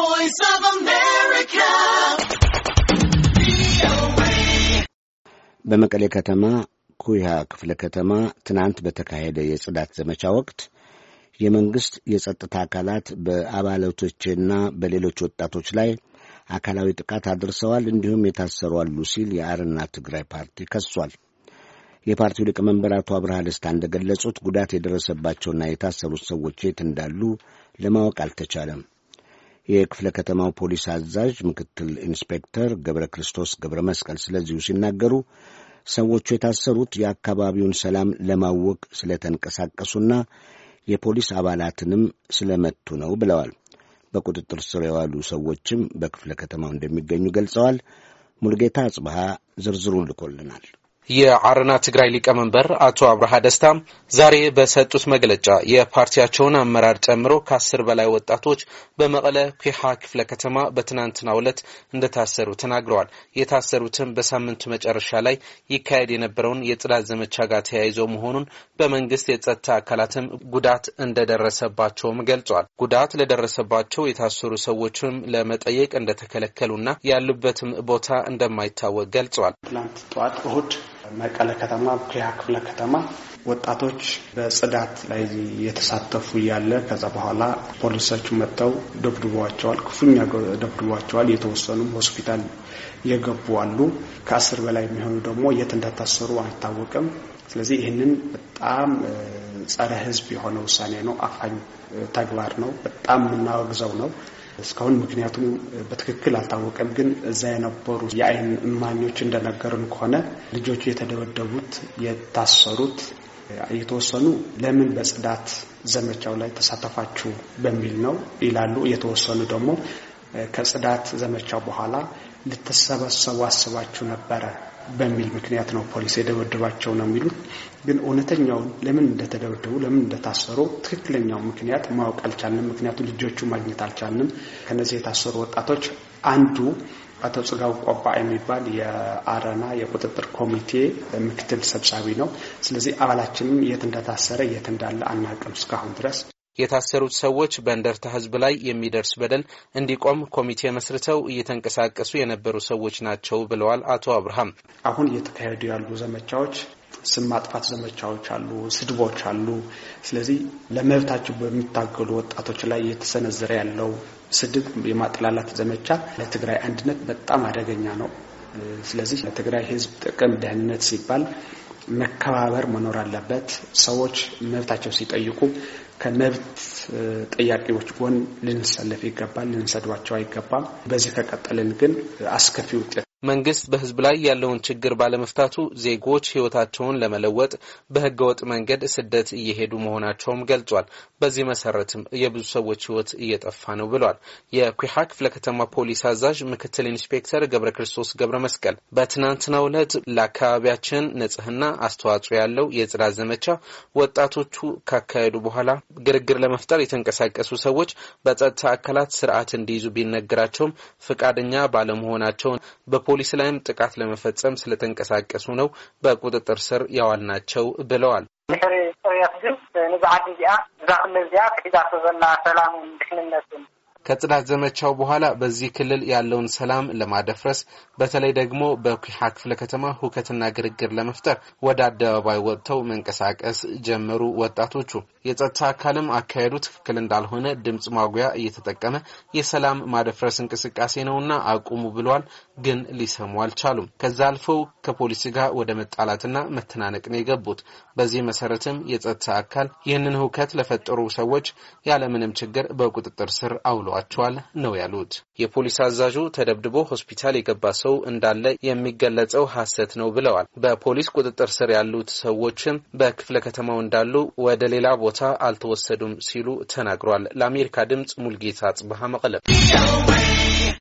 voice of America. በመቀሌ ከተማ ኩያ ክፍለ ከተማ ትናንት በተካሄደ የጽዳት ዘመቻ ወቅት የመንግሥት የጸጥታ አካላት በአባላቶችና በሌሎች ወጣቶች ላይ አካላዊ ጥቃት አድርሰዋል፣ እንዲሁም የታሰሩ አሉ ሲል የአርና ትግራይ ፓርቲ ከሷል። የፓርቲው ሊቀመንበር አቶ አብርሃ ደስታ እንደገለጹት ጉዳት የደረሰባቸውና የታሰሩት ሰዎች የት እንዳሉ ለማወቅ አልተቻለም። የክፍለ ከተማው ፖሊስ አዛዥ ምክትል ኢንስፔክተር ገብረ ክርስቶስ ገብረ መስቀል ስለዚሁ ሲናገሩ ሰዎቹ የታሰሩት የአካባቢውን ሰላም ለማወቅ ስለተንቀሳቀሱና የፖሊስ አባላትንም ስለመቱ ነው ብለዋል። በቁጥጥር ስር የዋሉ ሰዎችም በክፍለ ከተማው እንደሚገኙ ገልጸዋል። ሙልጌታ አጽብሃ ዝርዝሩን ልኮልናል። የአረና ትግራይ ሊቀመንበር አቶ አብርሃ ደስታ ዛሬ በሰጡት መግለጫ የፓርቲያቸውን አመራር ጨምሮ ከአስር በላይ ወጣቶች በመቀለ ኩሃ ክፍለ ከተማ በትናንትናው ዕለት እንደታሰሩ ተናግረዋል። የታሰሩትም በሳምንቱ መጨረሻ ላይ ይካሄድ የነበረውን የጽዳት ዘመቻ ጋር ተያይዞ መሆኑን በመንግስት የጸጥታ አካላትም ጉዳት እንደደረሰባቸውም ገልጿል። ጉዳት ለደረሰባቸው የታሰሩ ሰዎችም ለመጠየቅ እንደተከለከሉና ያሉበትም ቦታ እንደማይታወቅ ገልጿል። መቀለ ከተማ፣ ኩያ ክፍለ ከተማ ወጣቶች በጽዳት ላይ እየተሳተፉ እያለ ከዛ በኋላ ፖሊሶች መጥተው ደብድቧቸዋል፣ ክፉኛ ደብድቧቸዋል። የተወሰኑም ሆስፒታል የገቡ አሉ። ከአስር በላይ የሚሆኑ ደግሞ የት እንደታሰሩ አይታወቅም። ስለዚህ ይህንን በጣም ጸረ ሕዝብ የሆነ ውሳኔ ነው። አፋኝ ተግባር ነው። በጣም የምናወግዘው ነው። እስካሁን ምክንያቱም በትክክል አልታወቀም። ግን እዛ የነበሩ የአይን እማኞች እንደነገሩን ከሆነ ልጆቹ የተደበደቡት የታሰሩት የተወሰኑ ለምን በጽዳት ዘመቻው ላይ ተሳተፋችሁ በሚል ነው ይላሉ። የተወሰኑ ደግሞ ከጽዳት ዘመቻው በኋላ ልትሰበሰቡ አስባችሁ ነበረ በሚል ምክንያት ነው ፖሊስ የደበደባቸው ነው የሚሉት። ግን እውነተኛውን ለምን እንደተደበደቡ ለምን እንደታሰሩ ትክክለኛው ምክንያት ማወቅ አልቻልንም። ምክንያቱም ልጆቹ ማግኘት አልቻልንም። ከነዚህ የታሰሩ ወጣቶች አንዱ አቶ ጽጋው ቆባ የሚባል የአረና የቁጥጥር ኮሚቴ ምክትል ሰብሳቢ ነው። ስለዚህ አባላችንም የት እንደታሰረ የት እንዳለ አናውቅም እስካሁን ድረስ። የታሰሩት ሰዎች በእንደርታ ህዝብ ላይ የሚደርስ በደል እንዲቆም ኮሚቴ መስርተው እየተንቀሳቀሱ የነበሩ ሰዎች ናቸው ብለዋል አቶ አብርሃም። አሁን እየተካሄዱ ያሉ ዘመቻዎች ስም ማጥፋት ዘመቻዎች አሉ፣ ስድቦች አሉ። ስለዚህ ለመብታቸው በሚታገሉ ወጣቶች ላይ እየተሰነዘረ ያለው ስድብ የማጥላላት ዘመቻ ለትግራይ አንድነት በጣም አደገኛ ነው። ስለዚህ ለትግራይ ህዝብ ጥቅም፣ ደህንነት ሲባል መከባበር መኖር አለበት። ሰዎች መብታቸው ሲጠይቁ ከመብት ጠያቂዎች ጎን ልንሰለፍ ይገባል፣ ልንሰድባቸው አይገባም። በዚህ ከቀጠልን ግን አስከፊ ውጤት መንግስት በህዝብ ላይ ያለውን ችግር ባለመፍታቱ ዜጎች ህይወታቸውን ለመለወጥ በህገወጥ መንገድ ስደት እየሄዱ መሆናቸውም ገልጿል። በዚህ መሰረትም የብዙ ሰዎች ህይወት እየጠፋ ነው ብሏል። የኩሓ ክፍለ ከተማ ፖሊስ አዛዥ ምክትል ኢንስፔክተር ገብረ ክርስቶስ ገብረ መስቀል በትናንትናው ዕለት ለአካባቢያችን ንጽህና አስተዋጽኦ ያለው የጽዳት ዘመቻ ወጣቶቹ ካካሄዱ በኋላ ግርግር ለመፍጠር የተንቀሳቀሱ ሰዎች በጸጥታ አካላት ስርዓት እንዲይዙ ቢነገራቸውም ፈቃደኛ ባለመሆናቸውን በፖሊስ ላይም ጥቃት ለመፈጸም ስለተንቀሳቀሱ ነው በቁጥጥር ስር ያዋልናቸው ብለዋል። ከጽዳት ዘመቻው በኋላ በዚህ ክልል ያለውን ሰላም ለማደፍረስ በተለይ ደግሞ በኩሓ ክፍለ ከተማ ሁከትና ግርግር ለመፍጠር ወደ አደባባይ ወጥተው መንቀሳቀስ ጀመሩ ወጣቶቹ። የጸጥታ አካልም አካሄዱ ትክክል እንዳልሆነ ድምፅ ማጉያ እየተጠቀመ የሰላም ማደፍረስ እንቅስቃሴ ነውና አቁሙ ብሏል። ግን ሊሰሙ አልቻሉም። ከዛ አልፈው ከፖሊስ ጋር ወደ መጣላትና መተናነቅ ነው የገቡት። በዚህ መሰረትም የጸጥታ አካል ይህንን ሁከት ለፈጠሩ ሰዎች ያለምንም ችግር በቁጥጥር ስር አውሏቸዋል ነው ያሉት። የፖሊስ አዛዡ ተደብድቦ ሆስፒታል የገባ ሰው እንዳለ የሚገለጸው ሐሰት ነው ብለዋል። በፖሊስ ቁጥጥር ስር ያሉት ሰዎችም በክፍለ ከተማው እንዳሉ ወደ ሌላ ቦታ አልተወሰዱም ሲሉ ተናግሯል። ለአሜሪካ ድምጽ ሙልጌታ ጽብሃ መቀለም